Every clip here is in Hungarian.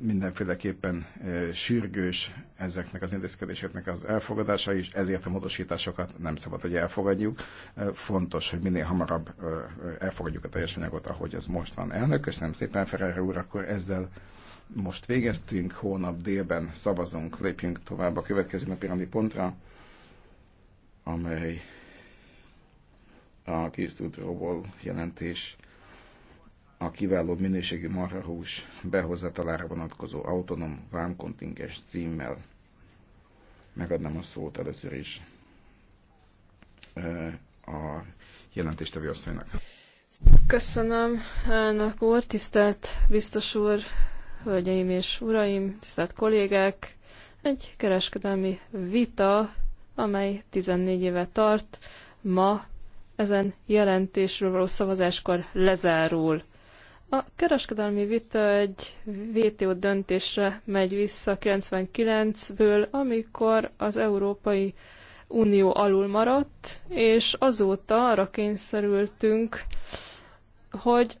mindenféleképpen sürgős ezeknek az intézkedéseknek az elfogadása is, ezért a módosításokat nem szabad, hogy elfogadjuk. Fontos, hogy minél hamarabb elfogadjuk a teljes anyagot, ahogy ez most van. Elnök, köszönöm szépen, Ferrer úr, akkor ezzel most végeztünk, hónap délben szavazunk, lépjünk tovább a következő napi pontra, amely a kisztúdróból jelentés a kiváló minőségű marhahús behozatalára vonatkozó autonóm vámkontinges címmel megadnám a szót először is a jelentéstevő asszonynak. Köszönöm, elnök úr, tisztelt biztos úr, hölgyeim és uraim, tisztelt kollégák! Egy kereskedelmi vita, amely 14 éve tart, ma ezen jelentésről való szavazáskor lezárul. A kereskedelmi vita egy WTO döntésre megy vissza 99-ből, amikor az Európai Unió alul maradt, és azóta arra kényszerültünk, hogy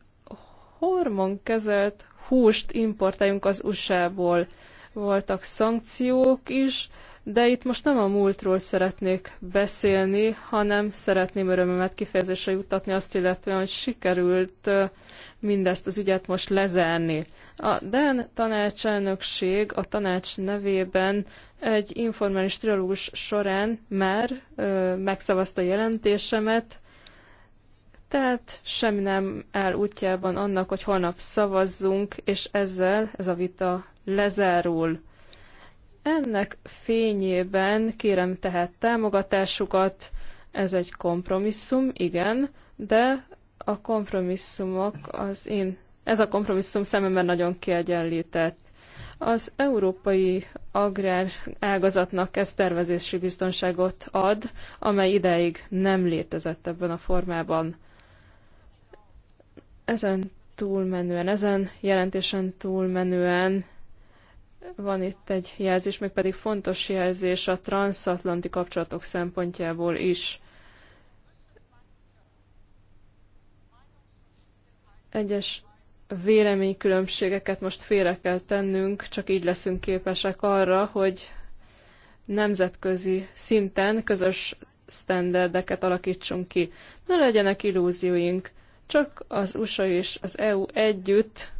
hormonkezelt húst importáljunk az USA-ból. Voltak szankciók is, de itt most nem a múltról szeretnék beszélni, hanem szeretném örömömet kifejezésre juttatni azt illetően, hogy sikerült mindezt az ügyet most lezárni. A DEN tanácselnökség a tanács nevében egy informális trilógus során már ö, megszavazta jelentésemet, tehát semmi nem áll útjában annak, hogy holnap szavazzunk, és ezzel ez a vita lezárul. Ennek fényében kérem tehát támogatásukat, ez egy kompromisszum, igen, de a kompromisszumok az én, ez a kompromisszum szememben nagyon kiegyenlített. Az európai agrár ágazatnak ez tervezési biztonságot ad, amely ideig nem létezett ebben a formában. Ezen túlmenően, ezen jelentésen túlmenően van itt egy jelzés, meg pedig fontos jelzés a transatlanti kapcsolatok szempontjából is. Egyes véleménykülönbségeket most félre kell tennünk, csak így leszünk képesek arra, hogy nemzetközi szinten közös sztenderdeket alakítsunk ki. Ne legyenek illúzióink, csak az USA és az EU együtt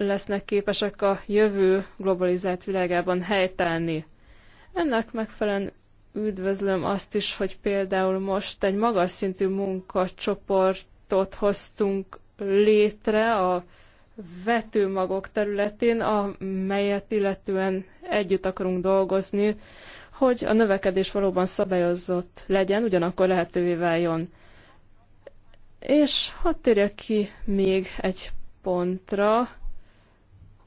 lesznek képesek a jövő globalizált világában helytállni. Ennek megfelelően üdvözlöm azt is, hogy például most egy magas szintű munkacsoportot hoztunk létre a vetőmagok területén, amelyet illetően együtt akarunk dolgozni, hogy a növekedés valóban szabályozott legyen, ugyanakkor lehetővé váljon. És hadd térjek ki még egy pontra,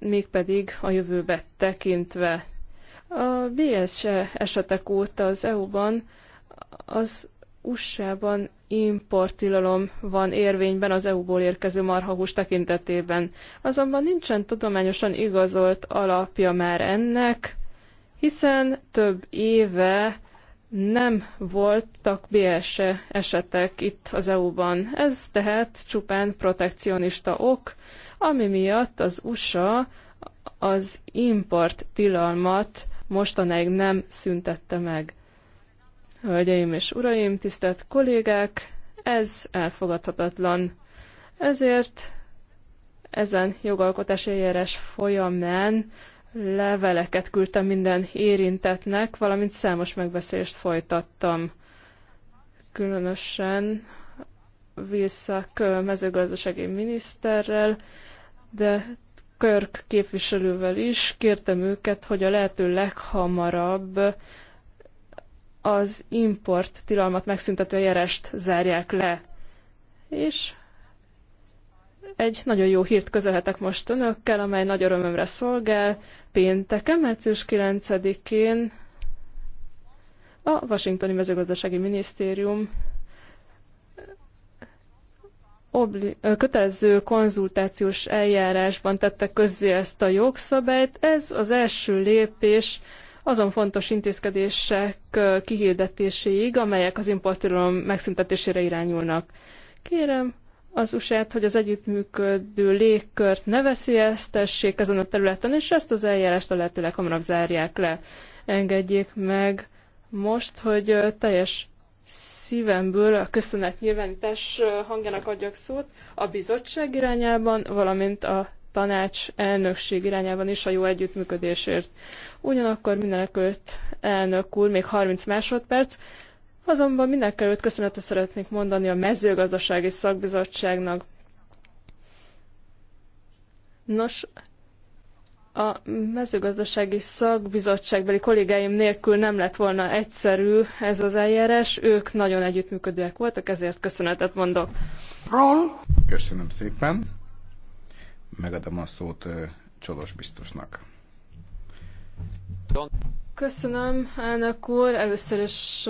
mégpedig a jövőbe tekintve. A BS e esetek óta az EU-ban az USA-ban importtilalom van érvényben az EU-ból érkező marhahús tekintetében. Azonban nincsen tudományosan igazolt alapja már ennek, hiszen több éve nem voltak BS -e esetek itt az EU-ban. Ez tehát csupán protekcionista ok, ami miatt az USA az import tilalmat mostanáig nem szüntette meg. Hölgyeim és uraim, tisztelt kollégák, ez elfogadhatatlan. Ezért ezen jogalkotási eljárás folyamán leveleket küldtem minden érintetnek, valamint számos megbeszélést folytattam. Különösen Vilszak mezőgazdasági miniszterrel, de Körk képviselővel is kértem őket, hogy a lehető leghamarabb az import tilalmat megszüntető eljárást zárják le. És egy nagyon jó hírt közölhetek most önökkel, amely nagy örömömre szolgál. Pénteken, március 9-én a Washingtoni Mezőgazdasági Minisztérium obli- kötelező konzultációs eljárásban tette közzé ezt a jogszabályt. Ez az első lépés azon fontos intézkedések kihirdetéséig, amelyek az importtilalom megszüntetésére irányulnak. Kérem az usa hogy az együttműködő légkört ne veszélyeztessék ezen a területen, és ezt az eljárást a lehető leghamarabb zárják le. Engedjék meg most, hogy teljes szívemből a köszönet nyilvánítás hangjának adjak szót a bizottság irányában, valamint a tanács elnökség irányában is a jó együttműködésért. Ugyanakkor mindenekült elnök úr, még 30 másodperc, azonban mindenkelőtt köszönetet szeretnék mondani a mezőgazdasági szakbizottságnak. Nos, a mezőgazdasági szakbizottságbeli kollégáim nélkül nem lett volna egyszerű ez az eljárás. Ők nagyon együttműködőek voltak, ezért köszönetet mondok. Ron! Köszönöm szépen. Megadom a szót Csolos biztosnak. Köszönöm, elnök úr. Először is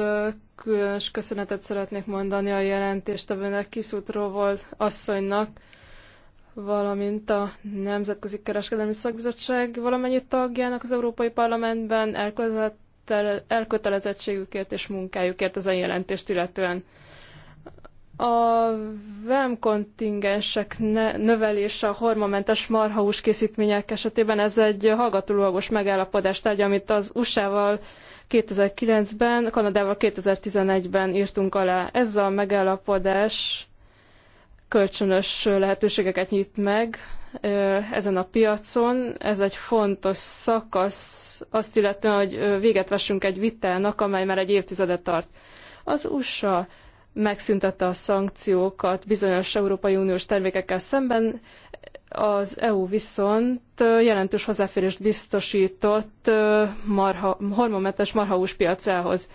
különös köszönetet szeretnék mondani a jelentéstevőnek, Kiszutról volt asszonynak, valamint a Nemzetközi Kereskedelmi Szakbizottság valamennyi tagjának az Európai Parlamentben elkötelezettségükért és munkájukért ezen jelentést illetően. A VEM kontingensek növelése a hormamentes marhahús készítmények esetében ez egy hallgatólagos megállapodás tárgya, amit az USA-val 2009-ben, Kanadával 2011-ben írtunk alá. Ez a megállapodás kölcsönös lehetőségeket nyit meg ezen a piacon. Ez egy fontos szakasz, azt illetően, hogy véget vessünk egy vitának, amely már egy évtizede tart. Az USA megszüntette a szankciókat bizonyos Európai Uniós termékekkel szemben, az EU viszont jelentős hozzáférést biztosított marha, hormonmentes marhahús piacához.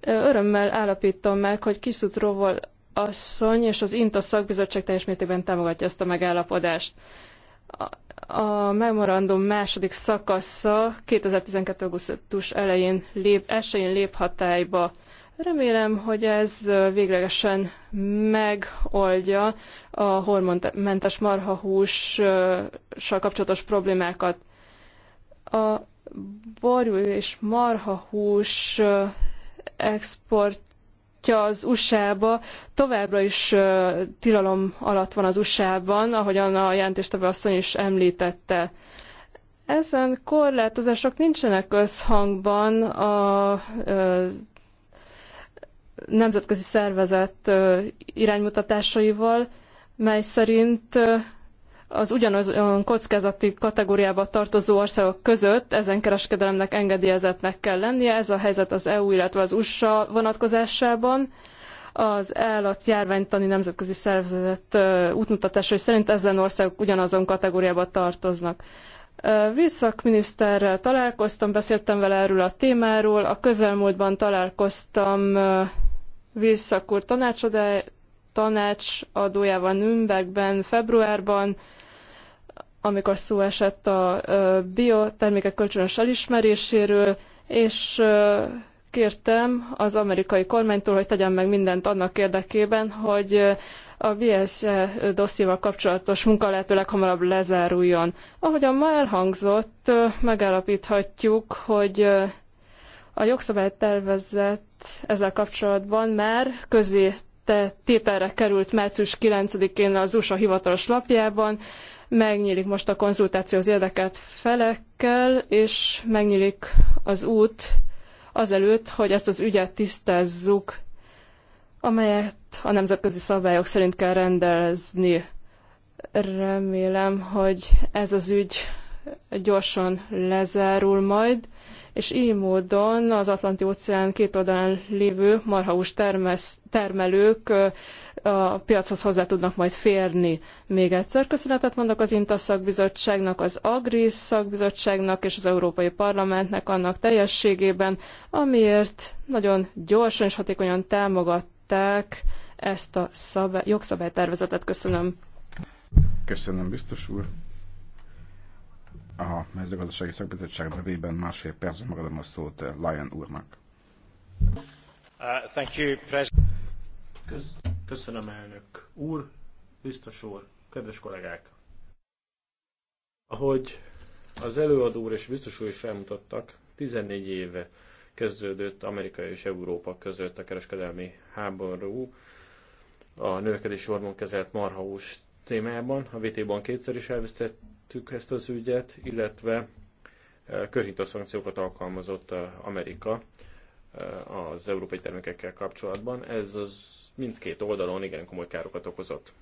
Örömmel állapítom meg, hogy Kisutróval asszony és az INTA szakbizottság teljes mértékben támogatja ezt a megállapodást. A, a memorandum második szakasza 2012. augusztus elején lép, elsőjén lép hatályba. Remélem, hogy ez véglegesen megoldja a hormonmentes marhahússal kapcsolatos problémákat. A borjú és marhahús export exportja az USA-ba továbbra is tilalom alatt van az USA-ban, ahogyan a jelentéstevő asszony is említette. Ezen korlátozások nincsenek összhangban a nemzetközi szervezet iránymutatásaival, mely szerint az ugyanazon kockázati kategóriába tartozó országok között ezen kereskedelemnek engedélyezetnek kell lennie. Ez a helyzet az EU, illetve az USA vonatkozásában. Az állatjárványtani nemzetközi szervezet útmutatásai szerint ezen országok ugyanazon kategóriába tartoznak. Vilszak miniszterrel találkoztam, beszéltem vele erről a témáról. A közelmúltban találkoztam Vilszak úr tanácsadójával Nürnbergben, februárban, amikor szó esett a biotermékek kölcsönös elismeréséről, és kértem az amerikai kormánytól, hogy tegyen meg mindent annak érdekében, hogy a BS e dossziéval kapcsolatos munka lehetőleg hamarabb lezáruljon. Ahogyan ma elhangzott, megállapíthatjuk, hogy a jogszabálytervezet ezzel kapcsolatban már közé tételre került március 9-én az USA hivatalos lapjában, Megnyílik most a konzultáció az érdekelt felekkel, és megnyílik az út azelőtt, hogy ezt az ügyet tisztázzuk, amelyet a nemzetközi szabályok szerint kell rendezni. Remélem, hogy ez az ügy gyorsan lezárul majd, és így módon az Atlanti óceán két oldalán lévő marhaús termesz, termelők a piachoz hozzá tudnak majd férni. Még egyszer köszönetet mondok az INTA szakbizottságnak, az AGRI szakbizottságnak és az Európai Parlamentnek annak teljességében, amiért nagyon gyorsan és hatékonyan támogatták ezt a szabály, jogszabálytervezetet. Köszönöm. Köszönöm, biztos úr a mezőgazdasági szakbizottság nevében másfél percben megadom a szót eh, Lyon úrnak. Uh, thank you, Köszönöm, elnök úr, biztos úr, kedves kollégák! Ahogy az előadó úr és biztos úr is elmutattak, 14 éve kezdődött Amerika és Európa között a kereskedelmi háború, a növekedési kezelt marhahús témában. A VT-ban kétszer is elvesztettük ezt az ügyet, illetve e, körhintő szankciókat alkalmazott e, Amerika e, az európai termékekkel kapcsolatban. Ez az mindkét oldalon igen komoly károkat okozott.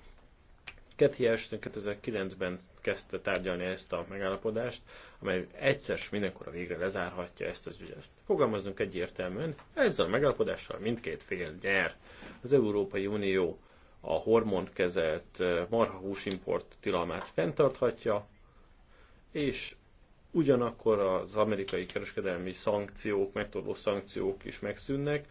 Kathy Ashton 2009-ben kezdte tárgyalni ezt a megállapodást, amely egyszer s mindenkor a végre lezárhatja ezt az ügyet. Fogalmazunk egyértelműen, ezzel a megállapodással mindkét fél nyer. Az Európai Unió a hormonkezelt eh, marhahúsimport tilalmát fenntarthatja, és ugyanakkor az amerikai kereskedelmi szankciók, megtorló szankciók is megszűnnek,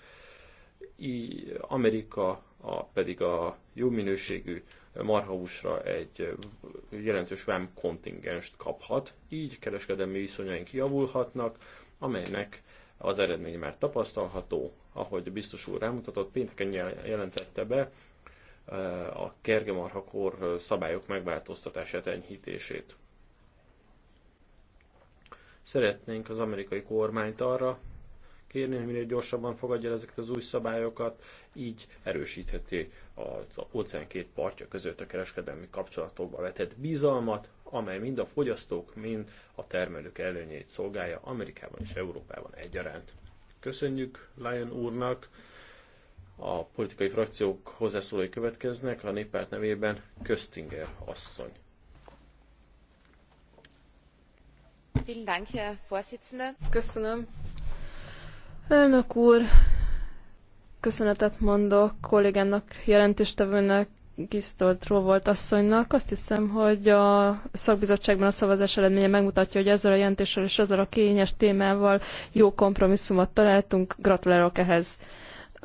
így Amerika a, pedig a jó minőségű marhahúsra egy eh, jelentős vám kontingenst kaphat, így kereskedelmi viszonyaink javulhatnak, amelynek az eredménye már tapasztalható, ahogy biztos úr rámutatott, pénteken jelentette be Eh, a kor eh, szabályok megváltoztatását, enyhítését. Szeretnénk az amerikai kormányt arra kérni, hogy minél gyorsabban fogadja el ezeket az új szabályokat, így erősítheti az óceán két partja között a kereskedelmi kapcsolatokba vetett bizalmat, amely mind a fogyasztók, mind a termelők előnyét szolgálja Amerikában és Európában egyaránt. Köszönjük Lion úrnak! a politikai frakciók hozzászólói következnek, a néppárt nevében Köstinger asszony. Köszönöm. Elnök úr, köszönetet mondok kollégának, jelentéstevőnek, Gisztolt volt asszonynak. Azt hiszem, hogy a szakbizottságban a szavazás eredménye megmutatja, hogy ezzel a jelentéssel és ezzel a kényes témával jó kompromisszumot találtunk. Gratulálok ehhez.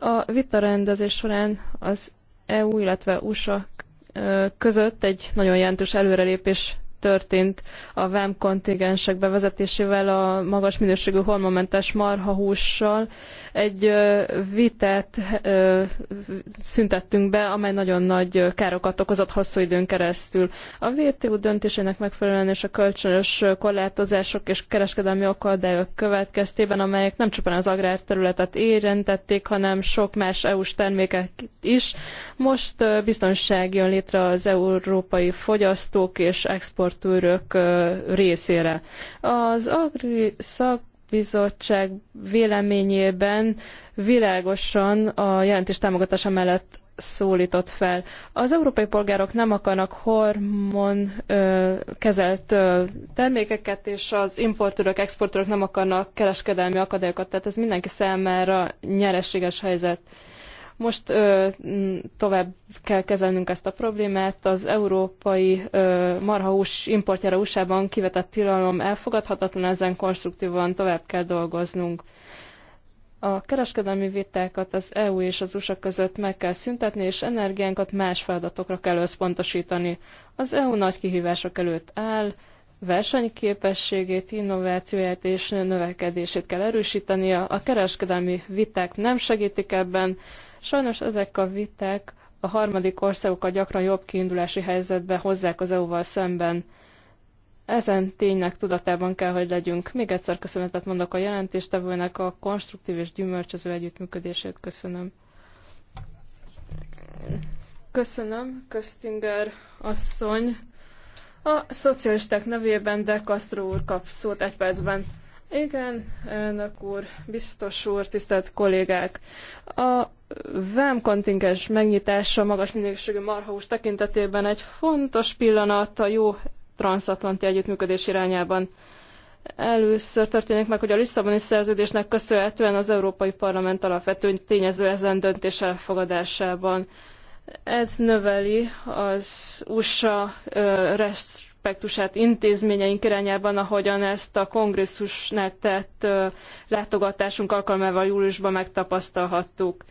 A vitarendezés során az EU, illetve USA között egy nagyon jelentős előrelépés történt a vámkontingensek kontingensek bevezetésével, a magas minőségű hormonmentes marhahússal, egy vitát szüntettünk be, amely nagyon nagy károkat okozott hosszú időn keresztül. A WTO döntésének megfelelően és a kölcsönös korlátozások és kereskedelmi akadályok következtében, amelyek nem csupán az agrárterületet érintették, hanem sok más EU-s terméket is. Most biztonság jön létre az európai fogyasztók és exportőrök részére. Az Agri Szak bizottság véleményében világosan a jelentés támogatása mellett szólított fel. Az európai polgárok nem akarnak hormon ö, kezelt ö, termékeket, és az importőrök, exportőrök nem akarnak kereskedelmi akadályokat, tehát ez mindenki számára nyereséges helyzet. Most ö, tovább kell kezelnünk ezt a problémát. Az európai ö, marhahús importjára USA-ban kivetett tilalom elfogadhatatlan, ezen konstruktívan tovább kell dolgoznunk. A kereskedelmi vitákat az EU és az USA között meg kell szüntetni, és energiánkat más feladatokra kell összpontosítani. Az EU nagy kihívások előtt áll, versenyképességét, innovációját és növekedését kell erősítenie. A kereskedelmi viták nem segítik ebben. Sajnos ezek a viták a harmadik országokat gyakran jobb kiindulási helyzetbe hozzák az EU-val szemben. Ezen ténynek tudatában kell, hogy legyünk. Még egyszer köszönetet mondok a jelentéstevőnek a konstruktív és gyümölcsöző együttműködését. Köszönöm. Köszönöm, Köztinger asszony. A szocialisták nevében De Castro úr kap szót egy percben. Igen, elnök úr, biztos úr, tisztelt kollégák! A vámkontingens megnyitása magas minőségű marhahús tekintetében egy fontos pillanat a jó transatlanti együttműködés irányában. Először történik meg, hogy a Lisszaboni szerződésnek köszönhetően az Európai Parlament alapvető tényező ezen döntés elfogadásában. Ez növeli az USA respektusát intézményeink irányában, ahogyan ezt a kongresszusnál tett látogatásunk alkalmával júliusban megtapasztalhattuk.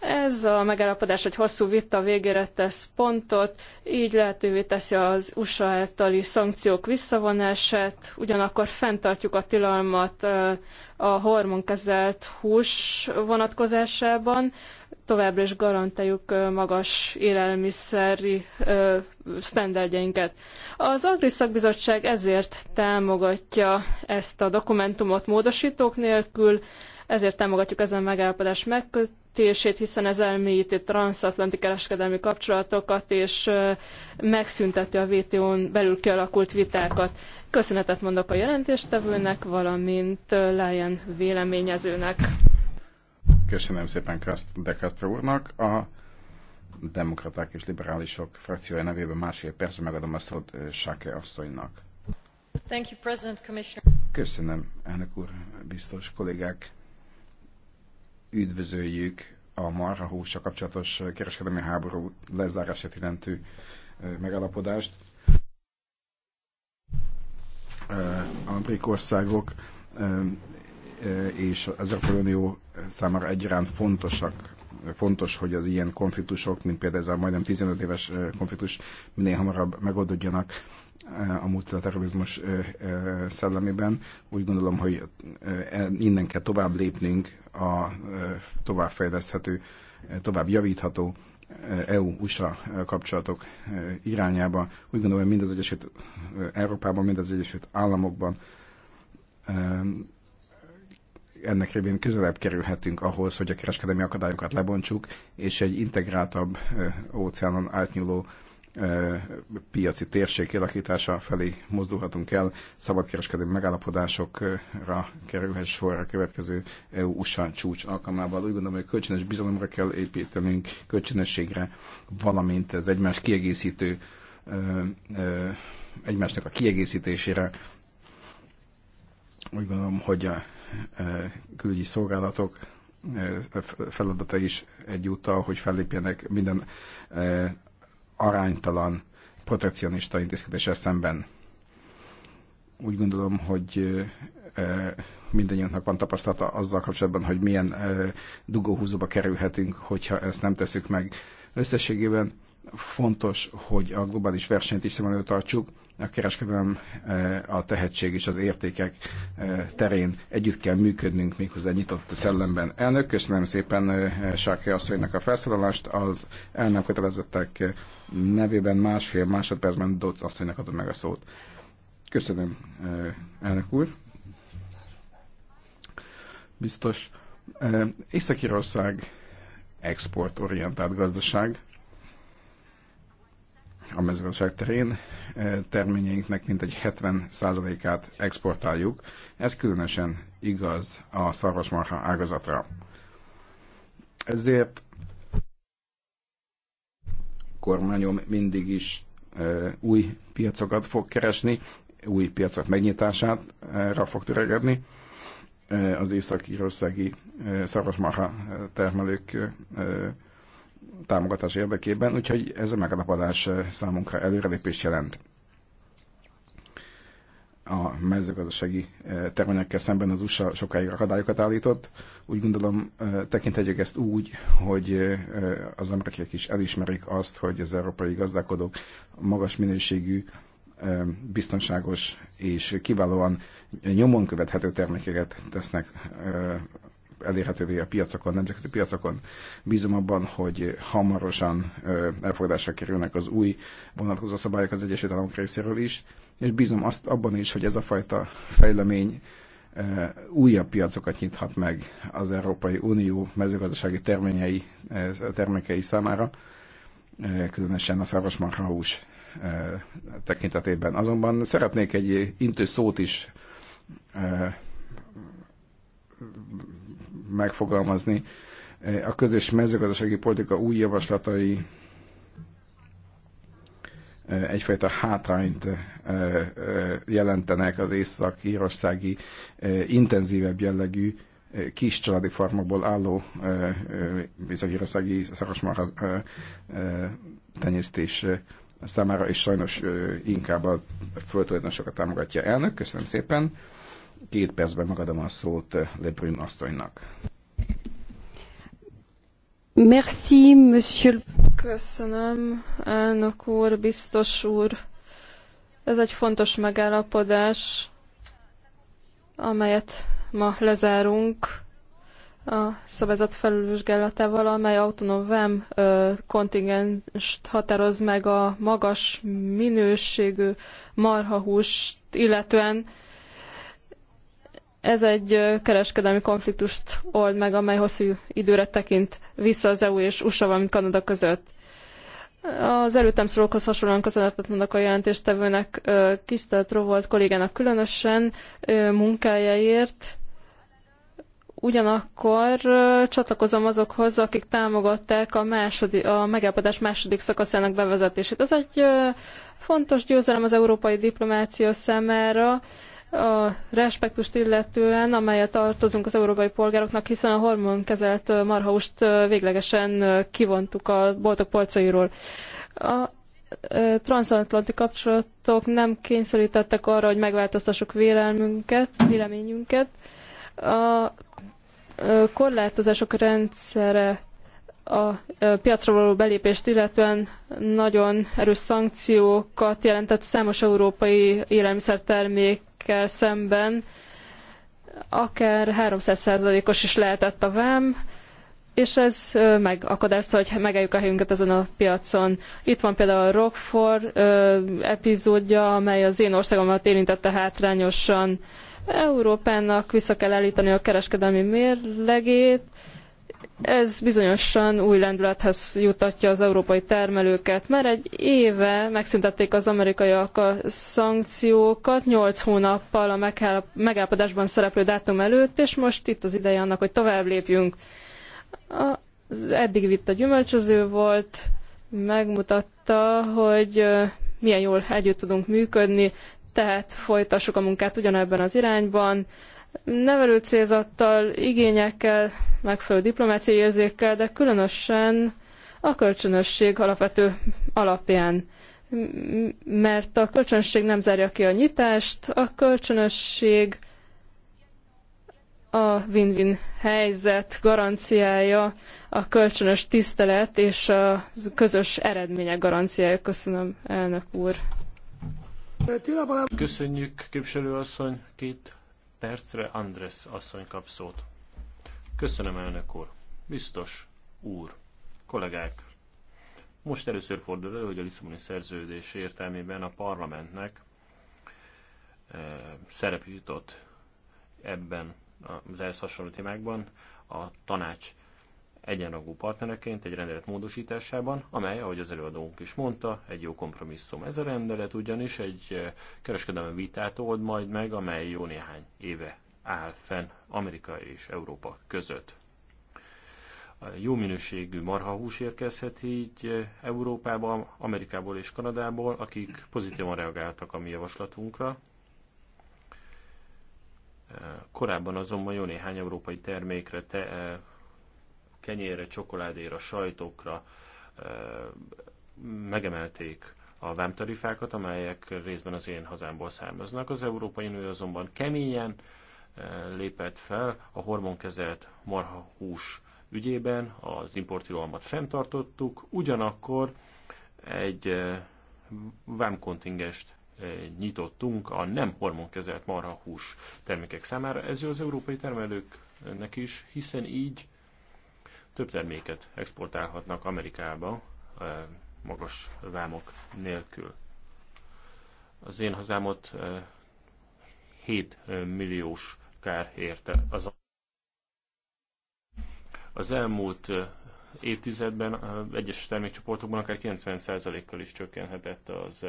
Ez a megállapodás egy hosszú vita végére tesz pontot, így lehetővé teszi az USA általi szankciók visszavonását, ugyanakkor fenntartjuk a tilalmat a hormonkezelt hús vonatkozásában, továbbra is garantáljuk magas élelmiszeri sztenderdjeinket. Az Agri Szakbizottság ezért támogatja ezt a dokumentumot módosítók nélkül, ezért támogatjuk ezen megállapodás megkötését, hiszen ez elmélyíti transatlanti kereskedelmi kapcsolatokat, és megszünteti a WTO-n belül kialakult vitákat. Köszönetet mondok a jelentéstevőnek, valamint Lion véleményezőnek. Köszönöm szépen De Castro úrnak. A demokraták és liberálisok frakciója nevében másfél percre megadom a szót Sáke asszonynak. Thank you, President Commissioner. Köszönöm, elnök úr, biztos kollégák. Üdvözöljük a hússal kapcsolatos kereskedelmi háború lezárását jelentő megalapodást. A brik országok Eh, és az Európai Unió számára egyaránt fontosak. Fontos, hogy az ilyen konfliktusok, mint például ez a majdnem 15 éves eh, konfliktus minél hamarabb megoldódjanak eh, a multilateralizmus szellemében. Úgy gondolom, hogy e- innen kell tovább lépnünk a továbbfejleszthető, tovább javítható EU-USA e kapcsolatok irányába. Úgy gondolom, hogy mind az Egyesült Európában, mind az Egyesült Államokban ennek révén közelebb kerülhetünk ahhoz, hogy a kereskedelmi akadályokat lebontsuk, és egy integráltabb óceánon átnyúló piaci térség kialakítása felé mozdulhatunk el, szabadkereskedelmi megállapodásokra kerülhet sorra a következő EU-USA csúcs alkalmával. Úgy gondolom, hogy kölcsönös bizalomra kell építenünk, kölcsönösségre, valamint az egymás kiegészítő, egymásnak a kiegészítésére. Úgy gondolom, hogy a külügyi szolgálatok feladata is egyúttal, hogy fellépjenek minden aránytalan protekcionista intézkedése szemben. Úgy gondolom, hogy mindannyiunknak van tapasztalata azzal kapcsolatban, hogy milyen dugóhúzóba kerülhetünk, hogyha ezt nem teszük meg. Összességében Fontos, hogy a globális versenyt is szem előtt tartsuk, a kereskedelem, eh, a tehetség és az értékek eh, terén együtt kell működnünk méghozzá nyitott szellemben. Elnök, köszönöm szépen eh, Sákri asszonynak a felszólalást. Az el kötelezettek nevében másfél másodpercben Dodds asszonynak adom meg a szót. Köszönöm, elnök úr. Biztos. Észak-Írország exportorientált gazdaság, a mezőgazdaság terén e, terményeinknek mintegy 70%-át exportáljuk. Ez különösen igaz a szarvasmarha ágazatra. Ezért kormányom mindig is e, új piacokat fog keresni, új piacok megnyitására fog töregedni e, az észak-írországi szarvasmarha termelők támogatás érdekében, úgyhogy ez a megállapodás eh, számunkra előrelépés jelent a mezőgazdasági eh, termelőkkel szemben az USA sokáig akadályokat állított. Úgy gondolom, eh, tekintetjük ezt úgy, hogy az amerikaiak is elismerik azt, hogy az európai gazdálkodók magas minőségű, biztonságos és kiválóan nyomon követhető termékeket tesznek elérhetővé a piacokon, nemzetközi piacokon. Bízom abban, hogy hamarosan elfogadásra kerülnek az új vonatkozó szabályok az Egyesült Államok részéről is, és bízom azt abban is, hogy ez a fajta fejlemény újabb piacokat nyithat meg az Európai Unió mezőgazdasági terményei, termékei számára, különösen a szarvasmarhahús tekintetében. Azonban szeretnék egy intő szót is megfogalmazni. E, a közös mezőgazdasági politika új javaslatai e, egyfajta hátrányt e, jelentenek az észak-írországi intenzívebb jellegű kis családi farmokból álló észak-írországi szakosmarha tenyésztés számára, és sajnos inkább a földtulajdonosokat támogatja elnök. Köszönöm szépen! Két percben megadom a szót Lebrun asszonynak. Merci, monsieur. Köszönöm, elnök úr, biztos úr. Ez egy fontos megállapodás, amelyet ma lezárunk a szabályzat felülvizsgálatával, amely autonóm VEM kontingenst határoz meg a magas minőségű marhahúst, illetően ez egy kereskedelmi konfliktust old meg, amely hosszú időre tekint vissza az EU és USA, valamint Kanada között. Az előttem szólókhoz hasonlóan köszönetet mondok a jelentéstevőnek, Kisztelt Rovolt kollégának különösen munkájáért. Ugyanakkor csatlakozom azokhoz, akik támogatták a, második, a megállapodás második szakaszának bevezetését. Ez egy fontos győzelem az európai diplomácia számára, a respektust illetően, amelyet tartozunk az európai polgároknak, hiszen a hormonkezelt marhaust véglegesen kivontuk a boltok polcairól. A transatlanti kapcsolatok nem kényszerítettek arra, hogy megváltoztassuk vélelmünket, véleményünket. A korlátozások rendszere a piacra való belépést illetően nagyon erős szankciókat jelentett számos európai élelmiszertermék termékekkel szemben akár 300%-os is lehetett a vám, és ez megakadályozta, hogy megeljük a helyünket ezen a piacon. Itt van például a Rockford epizódja, amely az én országomat érintette hátrányosan. Európának vissza kell állítani a kereskedelmi mérlegét, ez bizonyosan új lendülethez jutatja az európai termelőket. mert egy éve megszüntették az amerikaiak a szankciókat, 8 hónappal a megállapodásban szereplő dátum előtt, és most itt az ideje annak, hogy tovább lépjünk. Az eddig vitt a gyümölcsöző volt, megmutatta, hogy milyen jól együtt tudunk működni, tehát folytassuk a munkát ugyanebben az irányban, nevelő célzattal, igényekkel, megfelelő diplomáciai érzékkel, de különösen a kölcsönösség alapvető alapján. Mert a kölcsönösség nem zárja ki a nyitást, a kölcsönösség a win-win helyzet garanciája, a kölcsönös tisztelet és a közös eredmények garanciája. Köszönöm, elnök úr. Köszönjük, képviselő asszony, két percre Andres asszony kap szót. Köszönöm, elnök úr. Biztos úr, kollégák, most először fordul elő, hogy a Lisszaboni szerződés értelmében a parlamentnek e, szerep jutott ebben az ehhez hasonló témákban. A tanács egyenrangú partnereként egy rendelet módosításában, amely, ahogy az előadónk is mondta, egy jó kompromisszum. Ez a rendelet ugyanis egy eh, kereskedelmi vitát old majd meg, amely jó néhány éve áll fenn Amerika és Európa között. Jó minőségű marhahús érkezhet így eh, Európába, Amerikából és Kanadából, akik pozitívan reagáltak a mi javaslatunkra, eh, Korábban azonban jó néhány európai termékre te, kenyérre, csokoládéra, sajtokra megemelték a vámtarifákat, amelyek részben az én hazámból származnak. Az Európai Unió azonban keményen lépett fel a hormonkezelt hús ügyében, az importilalmat fenntartottuk, ugyanakkor egy vámkontingest nyitottunk a nem hormonkezelt marhahús termékek számára. Ez jó az európai termelőknek is, hiszen így több terméket exportálhatnak Amerikába magas vámok nélkül. Az én hazámot 7 milliós kár érte. Az, az elmúlt évtizedben egyes termékcsoportokban akár 90%-kal is csökkenhetett az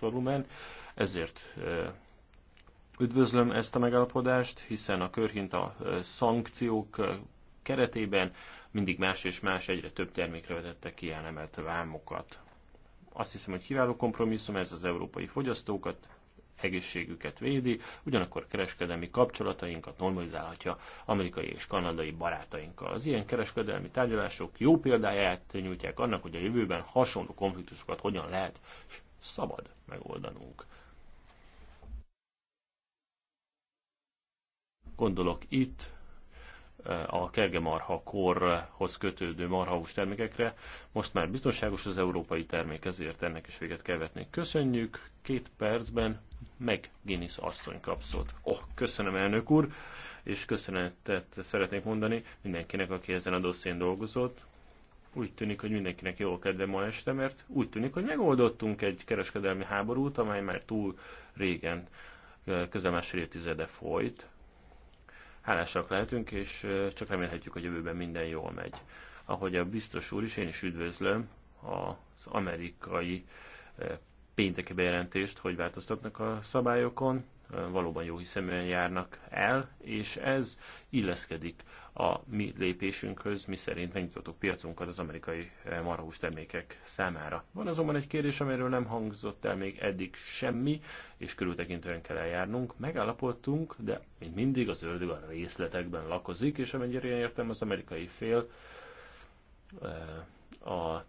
volumen, ezért üdvözlöm ezt a megállapodást, hiszen a körhinta szankciók keretében mindig más és más egyre több termékre vetettek ilyen emelt vámokat. Azt hiszem, hogy kiváló kompromisszum ez az európai fogyasztókat, egészségüket védi, ugyanakkor kereskedelmi kapcsolatainkat normalizálhatja amerikai és kanadai barátainkkal. Az ilyen kereskedelmi tárgyalások jó példáját nyújtják annak, hogy a jövőben hasonló konfliktusokat hogyan lehet szabad megoldanunk. Gondolok itt a kergemarha korhoz kötődő marhahús termékekre. Most már biztonságos az európai termék, ezért ennek is véget kell vetni. Köszönjük, két percben meg Guinness asszony kapszott. Oh, köszönöm elnök úr, és köszönetet szeretnék mondani mindenkinek, aki ezen a dosszén dolgozott. Úgy tűnik, hogy mindenkinek jó kedve ma este, mert úgy tűnik, hogy megoldottunk egy kereskedelmi háborút, amely már túl régen, közel másfél évtizede folyt, Hálásak lehetünk, és csak remélhetjük, hogy jövőben minden jól megy. Ahogy a biztos úr is, én is üdvözlöm az amerikai pénteki bejelentést, hogy változtatnak a szabályokon valóban jó hiszeműen járnak el, és ez illeszkedik a mi lépésünkhöz, mi szerint megnyitottuk piacunkat az amerikai eh, marhús termékek számára. Van azonban egy kérdés, amiről nem hangzott el még eddig semmi, és körültekintően kell eljárnunk. Megállapodtunk, de mint mindig az ördög a részletekben lakozik, és amennyire én értem az amerikai fél eh, a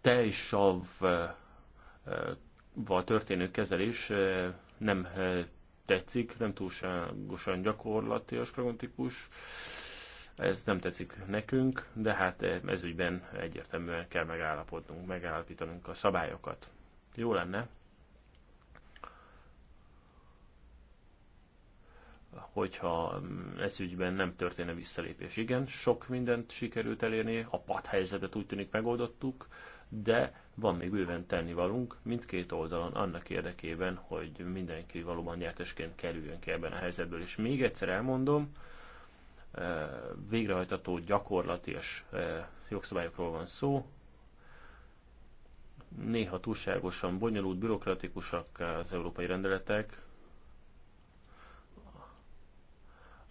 tejsavval eh, történő kezelés nem tetszik, nem túlságosan gyakorlatilag pragmatikus, ez nem tetszik nekünk, de hát ez ügyben egyértelműen kell megállapodnunk, megállapítanunk a szabályokat. Jó lenne, hogyha ez ügyben nem történne visszalépés. Igen, sok mindent sikerült elérni, a padhelyzetet úgy tűnik megoldottuk, de van még bőven tennivalunk mindkét oldalon annak érdekében, hogy mindenki valóban nyertesként kerüljön ki ebben a helyzetből. És még egyszer elmondom, eh, végrehajtató és eh, jogszabályokról van szó, néha túlságosan bonyolult, bürokratikusak az európai rendeletek.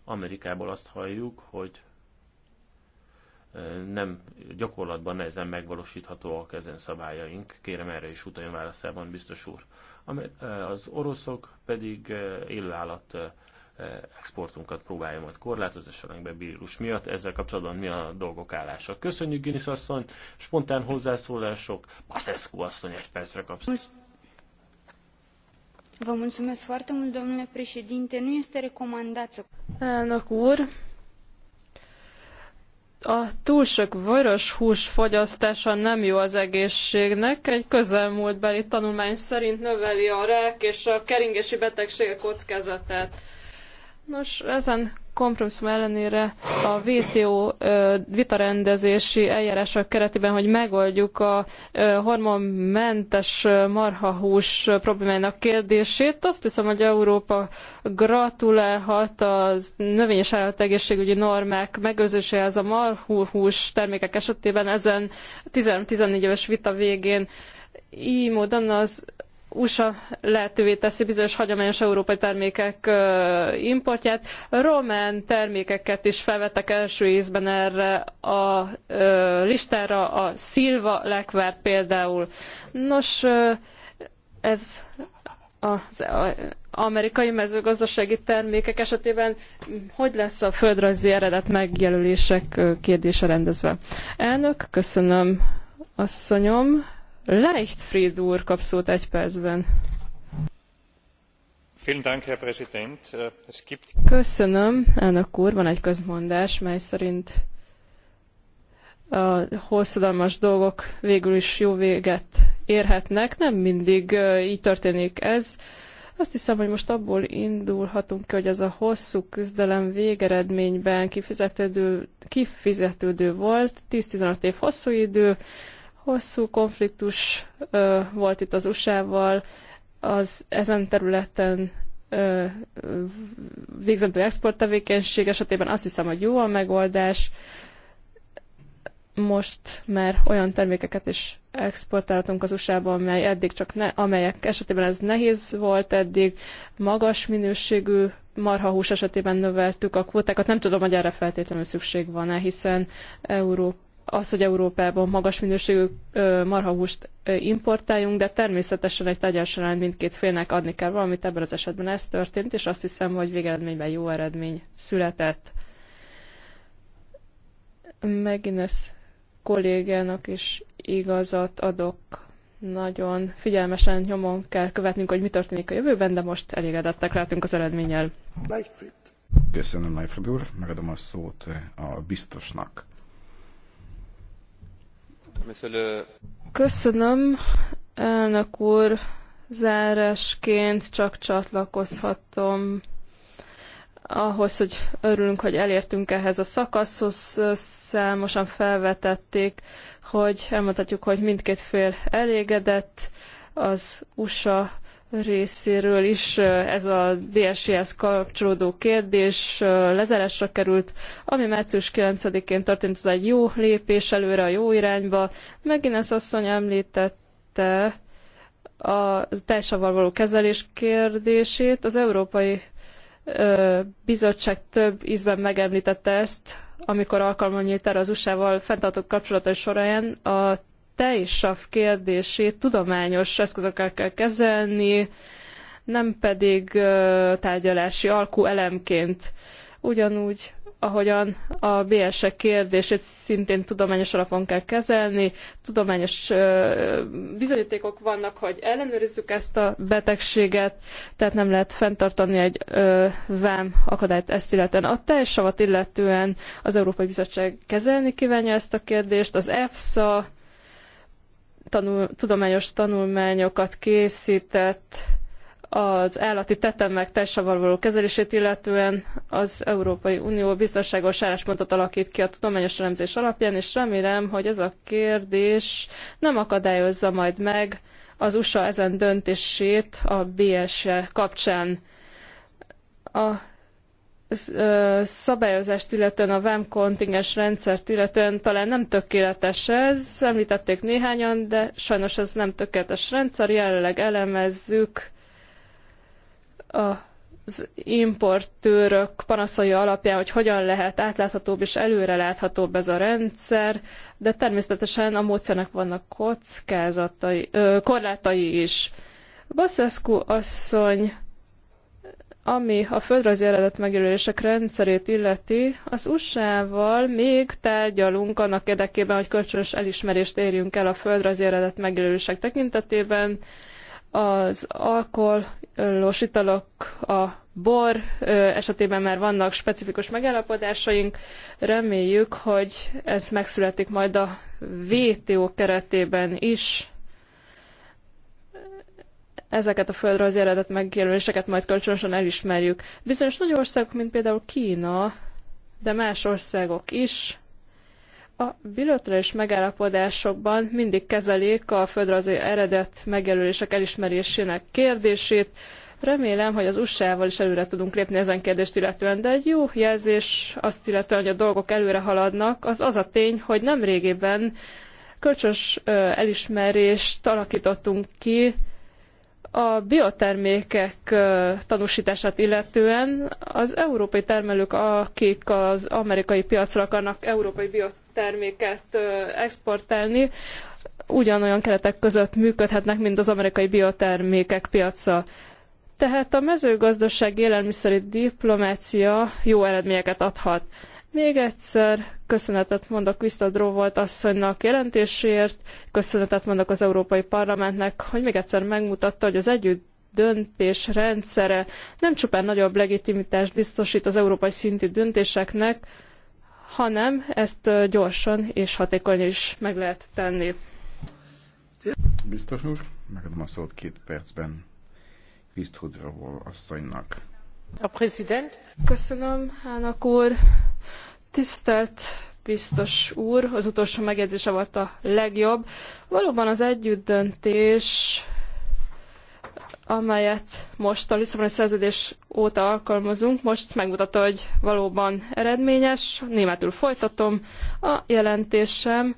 Amerikából azt halljuk, hogy nem gyakorlatban nehezen megvalósíthatóak ezen szabályaink. Kérem erre is utaljon válaszában, biztos úr. Az oroszok pedig élőállat exportunkat próbálja majd korlátozni, esetleg be vírus miatt. Ezzel kapcsolatban mi a dolgok állása? Köszönjük, Ginis asszony, spontán hozzászólások. Paszeszku asszony egy percre kapsz. Vă mulțumesc foarte mult, domnule președinte. Nu este recomandat să... Elnök úr, a túl sok vörös hús fogyasztása nem jó az egészségnek. Egy közelmúltbeli tanulmány szerint növeli a rák és a keringési betegségek kockázatát. Nos, ezen kompromisszum ellenére a VTO vitarendezési eljárások keretében, hogy megoldjuk a hormonmentes marhahús problémáinak kérdését. Azt hiszem, hogy Európa gratulálhat a növény és állategészségügyi normák megőrzéséhez a marhahús termékek esetében ezen 13-14 éves vita végén így módon az USA lehetővé teszi bizonyos hagyományos európai termékek importját. Román termékeket is felvettek első ízben erre a listára, a szilva lekvárt például. Nos, ez az amerikai mezőgazdasági termékek esetében hogy lesz a földrajzi eredet megjelölések kérdése rendezve? Elnök, köszönöm asszonyom. Leichtfried úr kap szót egy percben. Äh, Köszönöm, elnök úr, van egy közmondás, mely szerint a hosszadalmas dolgok végül is jó véget érhetnek. Nem mindig így történik ez. Azt hiszem, hogy most abból indulhatunk ki, hogy ez a hosszú küzdelem végeredményben kifizetődő, kifizetődő volt. 10-15 év hosszú idő, Hosszú konfliktus ö, volt itt az USA-val, az ezen területen ö, ö, végzendő exporttevékenység esetében azt hiszem, hogy jó a megoldás. Most már olyan termékeket is exportáltunk az USA-ba, amely eddig csak ne, amelyek esetében ez nehéz volt eddig, magas minőségű marhahús esetében növeltük a kvótákat. Nem tudom, hogy erre feltétlenül szükség van-e, hiszen Európa az, hogy Európában magas minőségű marhahúst importáljunk, de természetesen egy tárgyal során mindkét félnek adni kell valamit, ebben az esetben ez történt, és azt hiszem, hogy végeredményben jó eredmény született. ezt kollégának is igazat adok. Nagyon figyelmesen nyomon kell követnünk, hogy mi történik a jövőben, de most elégedettek lehetünk az eredménnyel. Köszönöm, Leifert úr. Megadom a szót a biztosnak. Köszönöm, elnök úr. Zárásként csak csatlakozhatom ahhoz, hogy örülünk, hogy elértünk ehhez a szakaszhoz, számosan felvetették, hogy elmondhatjuk, hogy mindkét fél elégedett, az USA részéről is ez a BSI-hez kapcsolódó kérdés lezárásra került, ami március 9-én történt, ez egy jó lépés előre a jó irányba. Megint ez asszony említette a társával való kezelés kérdését. Az Európai Bizottság több ízben megemlítette ezt, amikor alkalma nyílt erre az USA-val fenntartott kapcsolatai során a sav kérdését tudományos eszközökkel kell kezelni, nem pedig tárgyalási alkú elemként. Ugyanúgy, ahogyan a BSE ek kérdését szintén tudományos alapon kell kezelni, tudományos bizonyítékok vannak, hogy ellenőrizzük ezt a betegséget, tehát nem lehet fenntartani egy vám akadályt ezt illetően. A savat illetően az Európai Bizottság kezelni kívánja ezt a kérdést, az EFSA, tanul, tudományos tanulmányokat készített az állati tetemek társaval való kezelését illetően az Európai Unió biztonságos álláspontot alakít ki a tudományos elemzés alapján, és remélem, hogy ez a kérdés nem akadályozza majd meg az USA ezen döntését a BSE kapcsán. A szabályozást, illetően a VAM kontingens rendszert, illetően talán nem tökéletes ez, említették néhányan, de sajnos ez nem tökéletes rendszer, jelenleg elemezzük az importőrök panaszai alapján, hogy hogyan lehet átláthatóbb és előreláthatóbb ez a rendszer, de természetesen a módszernek vannak kockázatai, ö, korlátai is. Baszeszku asszony ami a földrajzi eredet megjelölések rendszerét illeti, az USA-val még tárgyalunk annak érdekében, hogy kölcsönös elismerést érjünk el a földrajzi eredet megjelölések tekintetében. Az alkoholos italok, a bor esetében már vannak specifikus megállapodásaink. Reméljük, hogy ez megszületik majd a WTO keretében is ezeket a földrajzi eredet megjelöléseket majd kölcsönösen elismerjük. Bizonyos nagy országok, mint például Kína, de más országok is, a bilaterális megállapodásokban mindig kezelik a földrajzi eredet megjelölések elismerésének kérdését. Remélem, hogy az USA-val is előre tudunk lépni ezen kérdést illetően, de egy jó jelzés azt illetően, hogy a dolgok előre haladnak, az az a tény, hogy nem régében kölcsös elismerést alakítottunk ki a biotermékek tanúsítását illetően az európai termelők, akik az amerikai piacra akarnak európai bioterméket exportálni, ugyanolyan keretek között működhetnek, mint az amerikai biotermékek piaca. Tehát a mezőgazdaság élelmiszeri diplomácia jó eredményeket adhat. Még egyszer köszönetet mondok Vista volt asszonynak jelentéséért, köszönetet mondok az Európai Parlamentnek, hogy még egyszer megmutatta, hogy az együtt döntés rendszere nem csupán nagyobb legitimitást biztosít az európai szintű döntéseknek, hanem ezt gyorsan és hatékonyan is meg lehet tenni. Biztos úr, megadom a szót két percben Krisztudrovol asszonynak. A president. Köszönöm, elnök úr, Tisztelt biztos úr, az utolsó megjegyzése volt a legjobb. Valóban az együttdöntés, amelyet most a Lisszaboni szerződés óta alkalmazunk, most megmutatta, hogy valóban eredményes. Németül folytatom a jelentésem.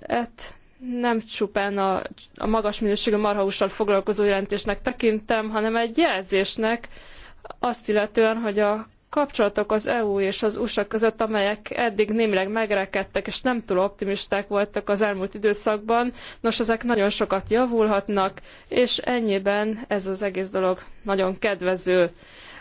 Et nem csupán a, a magas minőségű marhaussal foglalkozó jelentésnek tekintem, hanem egy jelzésnek azt illetően, hogy a kapcsolatok az EU és az USA között, amelyek eddig némileg megrekedtek és nem túl optimisták voltak az elmúlt időszakban. Nos, ezek nagyon sokat javulhatnak, és ennyiben ez az egész dolog nagyon kedvező.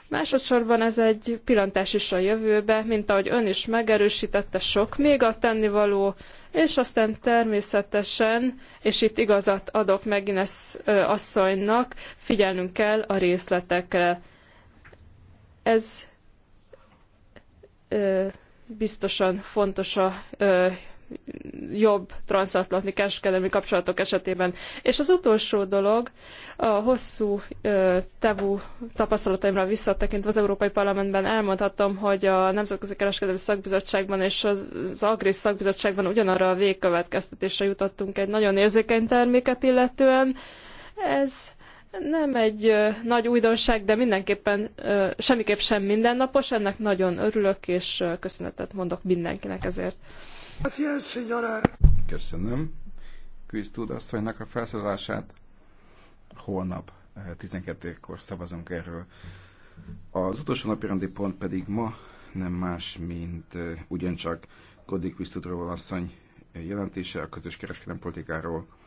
Másodszorban ez egy pillantás is a jövőbe, mint ahogy ön is megerősítette, sok még a tennivaló, és aztán természetesen, és itt igazat adok meg asszonynak, figyelnünk kell a részletekre. Ez biztosan fontos a jobb transatlanti kereskedelmi kapcsolatok esetében. És az utolsó dolog, a hosszú tevú tapasztalataimra visszatekintve az Európai Parlamentben elmondhatom, hogy a Nemzetközi Kereskedelmi Szakbizottságban és az, az Agri Szakbizottságban ugyanarra a végkövetkeztetésre jutottunk egy nagyon érzékeny terméket illetően. Ez nem egy nagy újdonság, de mindenképpen semmiképp sem mindennapos. Ennek nagyon örülök, és köszönetet mondok mindenkinek ezért. Köszönöm. Krisztúd asszonynak a felszólalását. Holnap 12-kor eh, szavazunk erről. Az utolsó napirendi pont pedig ma nem más, mint eh, ugyancsak Godik Krisztúdról asszony jelentése a közös kereskedelmi politikáról.